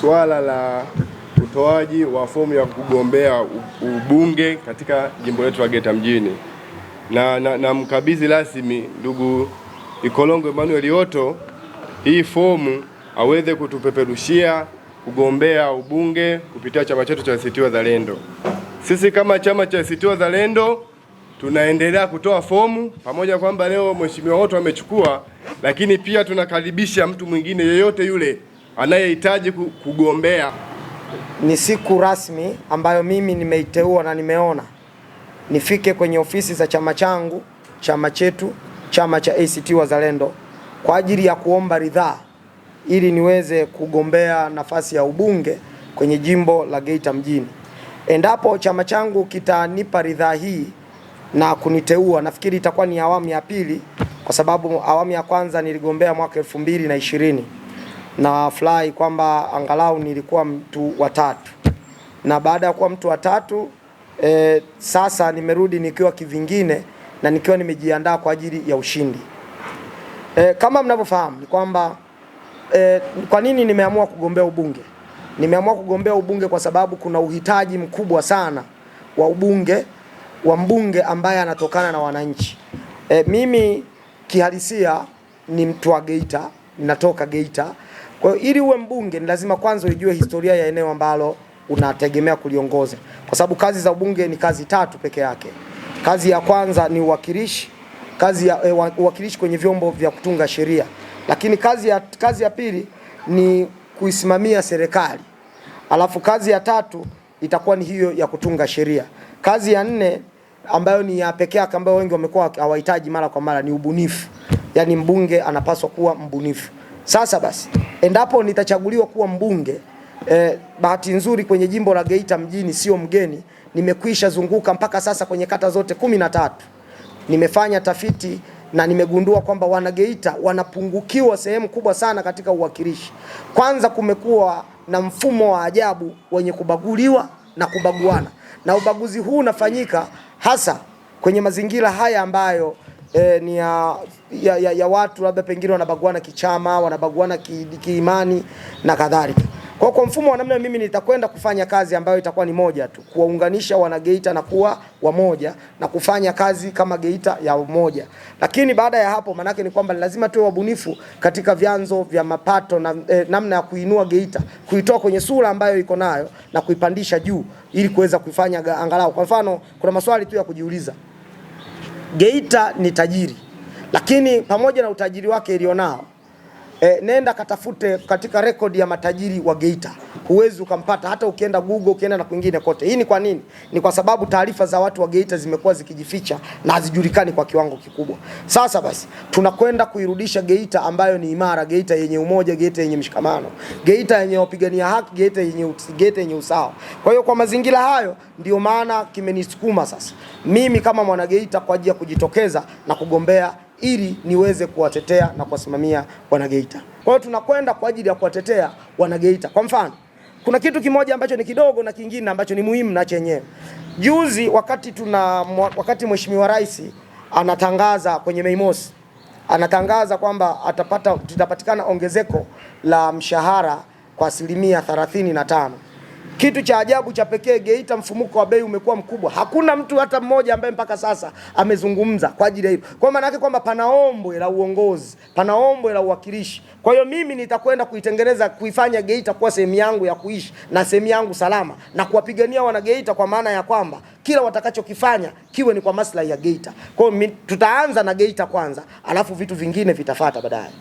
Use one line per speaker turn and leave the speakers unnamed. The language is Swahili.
swala la utoaji wa fomu ya kugombea ubunge katika jimbo letu la Geita mjini na, na, na mkabidhi rasmi ndugu Ikolongo Emmanuel Otto hii fomu aweze kutupeperushia kugombea ubunge kupitia chama chetu cha ACT Wazalendo. Sisi kama chama cha ACT Wazalendo tunaendelea kutoa fomu pamoja kwamba leo mheshimiwa Otto amechukua, lakini pia tunakaribisha mtu mwingine yeyote yule anayehitaji kugombea.
Ni siku rasmi ambayo mimi nimeiteua na nimeona nifike kwenye ofisi za chama changu, chama chetu, chama cha ACT Wazalendo kwa ajili ya kuomba ridhaa ili niweze kugombea nafasi ya ubunge kwenye jimbo la Geita mjini. Endapo chama changu kitanipa ridhaa hii na kuniteua, nafikiri itakuwa ni awamu ya pili, kwa sababu awamu ya kwanza niligombea mwaka elfu mbili na ishirini na fly kwamba angalau nilikuwa mtu wa tatu, na baada ya kuwa mtu wa tatu e, sasa nimerudi nikiwa kivingine na nikiwa nimejiandaa kwa ajili ya ushindi. E, kama mnavyofahamu ni kwamba e, kwa nini nimeamua kugombea ubunge? Nimeamua kugombea ubunge kwa sababu kuna uhitaji mkubwa sana wa ubunge wa mbunge ambaye anatokana na wananchi. E, mimi kihalisia ni mtu wa Geita, ninatoka Geita. Kwa hiyo ili uwe mbunge ni lazima kwanza uijue historia ya eneo ambalo unategemea kuliongoza, kwa sababu kazi za ubunge ni kazi tatu peke yake. Kazi ya kwanza ni uwakilishi, kazi ya e, uwakilishi kwenye vyombo vya kutunga sheria, lakini kazi ya, kazi ya pili ni kuisimamia serikali, alafu kazi ya tatu itakuwa ni hiyo ya kutunga sheria. Kazi ya nne ambayo ni ya pekee yake ambayo wengi wamekuwa hawahitaji mara kwa mara ni ubunifu, yaani mbunge anapaswa kuwa mbunifu. Sasa basi endapo nitachaguliwa kuwa mbunge eh, bahati nzuri kwenye jimbo la Geita mjini sio mgeni, nimekwisha zunguka mpaka sasa kwenye kata zote kumi na tatu. Nimefanya tafiti na nimegundua kwamba wanageita wanapungukiwa sehemu kubwa sana katika uwakilishi. Kwanza kumekuwa na mfumo wa ajabu wenye kubaguliwa na kubaguana, na ubaguzi huu unafanyika hasa kwenye mazingira haya ambayo e, ni ya, ya, ya, ya watu labda pengine wanabaguana kichama, wanabaguana kiimani ki na kadhalika. Kwa kwa mfumo wa namna mimi nitakwenda kufanya kazi ambayo itakuwa ni moja tu, kuwaunganisha wanageita na kuwa wamoja na kufanya kazi kama geita ya umoja. Lakini baada ya hapo, maanake ni kwamba lazima tuwe wabunifu katika vyanzo vya mapato na eh, namna ya kuinua Geita, kuitoa kwenye sura ambayo iko nayo na kuipandisha juu ili kuweza kuifanya angalau. Kwa mfano, kuna maswali tu ya kujiuliza. Geita ni tajiri, lakini pamoja na utajiri wake ilionao E, nenda katafute katika rekodi ya matajiri wa Geita, huwezi ukampata hata ukienda Google, ukienda na kwingine kote. Hii ni kwa nini? Ni kwa sababu taarifa za watu wa Geita zimekuwa zikijificha na hazijulikani kwa kiwango kikubwa. Sasa basi, tunakwenda kuirudisha Geita ambayo ni imara, Geita yenye umoja, Geita yenye mshikamano, Geita yenye wapigania haki, Geita yenye, Geita yenye usawa. Kwa hiyo kwa mazingira hayo, ndio maana kimenisukuma sasa mimi kama mwana Geita kwa ajili ya kujitokeza na kugombea ili niweze kuwatetea na kuwasimamia wanageita. Kwa hiyo tunakwenda kwa ajili ya kuwatetea wanageita. Kwa mfano, kuna kitu kimoja ambacho ni kidogo na kingine ambacho ni muhimu na chenyewe. Juzi wakati tuna wakati Mheshimiwa Rais anatangaza kwenye Mei Mosi anatangaza kwamba atapata tutapatikana ongezeko la mshahara kwa asilimia tano kitu cha ajabu cha pekee Geita, mfumuko wa bei umekuwa mkubwa. Hakuna mtu hata mmoja ambaye mpaka sasa amezungumza kwa ajili ya hilo. Kwa maana yake kwamba pana ombwe la uongozi, pana ombwe la uwakilishi. Kwa hiyo mimi nitakwenda kuitengeneza, kuifanya Geita kuwa sehemu yangu ya kuishi na sehemu yangu salama, na kuwapigania wana Geita, kwa maana ya kwamba kila watakachokifanya kiwe ni kwa maslahi ya Geita. Kwa hiyo tutaanza na Geita kwanza, alafu vitu vingine vitafata baadaye.